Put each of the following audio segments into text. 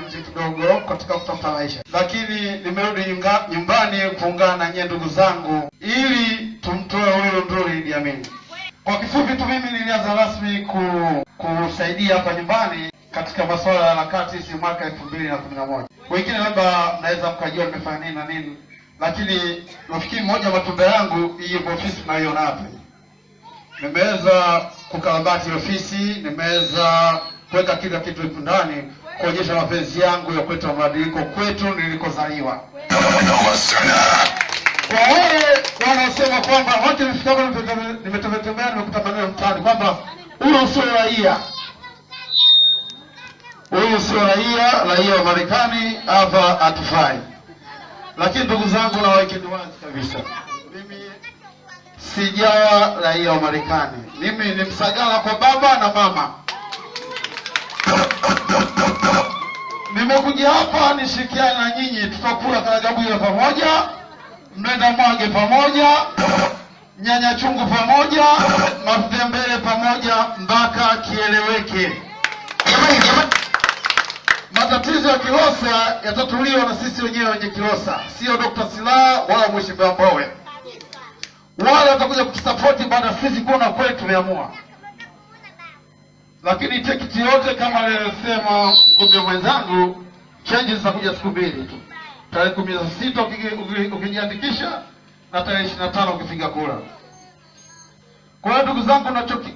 kutoka nje kidogo katika kutafuta maisha, lakini nimerudi nyumbani kuungana na nyie ndugu zangu ili tumtoe huyo nduri Idi Amin. Kwa kifupi tu, mimi nilianza rasmi ku, kusaidia hapa nyumbani katika masuala ya harakati si mwaka elfu mbili na kumi na moja. Wengine labda mnaweza mkajua nimefanya nini na nini, lakini nafikiri moja matunda yangu hii ofisi tunaiona hapa, nimeweza kukarabati ofisi, nimeweza kuweka kila kitu ndani kuonyesha mapenzi yangu ya kwetu mabadiliko kwetu nilikozaliwa. Kwa wale wanaosema kwamba wote nifikapo nimetembea nimekuta maneno mtaani kwamba huyo sio raia, huyo sio raia, raia wa Marekani hapa atufai. Lakini ndugu zangu, na waekeni wazi kabisa, mimi sijawa raia wa Marekani, mimi ni msagala kwa baba na mama. Nimekuja hapa nishikiane na nyinyi, tutakula karagabwila pamoja, mnenda mwage pamoja, nyanya chungu pamoja, matembele pamoja, mpaka kieleweke. Matatizo ya Kilosa yatatuliwa na sisi wenyewe wenye Kilosa, sio Dr. Silaa wala Mheshimiwa Mbowe, wale watakuja kutusapoti baada ya sisi kuona kweli tumeamua. Lakini tikiti yote kama alivyosema mgombea mwenzangu, change zitakuja siku mbili tu, tarehe kumi na sita ukijiandikisha na tarehe ishirini na tano ukipiga kura. Kwa hiyo ndugu zangu,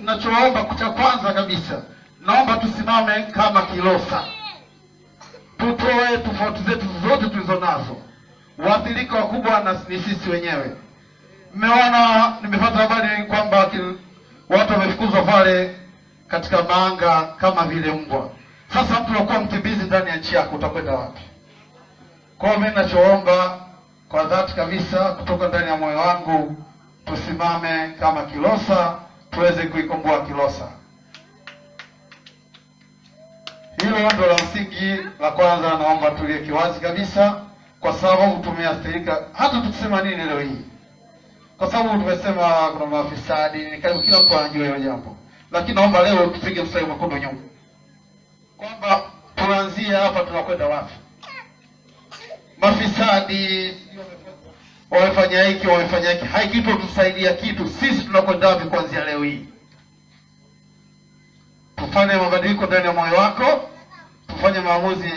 nachoomba cha kwanza kabisa, naomba tusimame kama Kilosa, tutoe tofauti zetu zote tulizo nazo. Waathirika wakubwa na ni sisi wenyewe. Mmeona, nimepata habari kwamba watu wamefukuzwa pale katika maanga kama vile mbwa. Sasa mtu unakuwa mkimbizi ndani ya nchi yako, utakwenda wapi? Kwa mimi ninachoomba kwa dhati kabisa kutoka ndani ya moyo wangu, tusimame kama Kilosa, tuweze kuikomboa Kilosa. Hilo ndo la msingi la kwanza, naomba tulie kiwazi kabisa, kwa sababu tumeathirika. Hata tukisema nini leo hii, kwa sababu tumesema kuna mafisadi, kila mtu anajua hiyo jambo lakini naomba leo tupige mstari mwekundu nyuma, kwamba tuanzie hapa, tunakwenda wapi? Mafisadi wamefanya hiki, wamefanya hiki, haikitotusaidia kitu. Sisi tunakwenda wapi kuanzia leo hii? Tufanye mabadiliko ndani ya moyo wako, tufanye maamuzi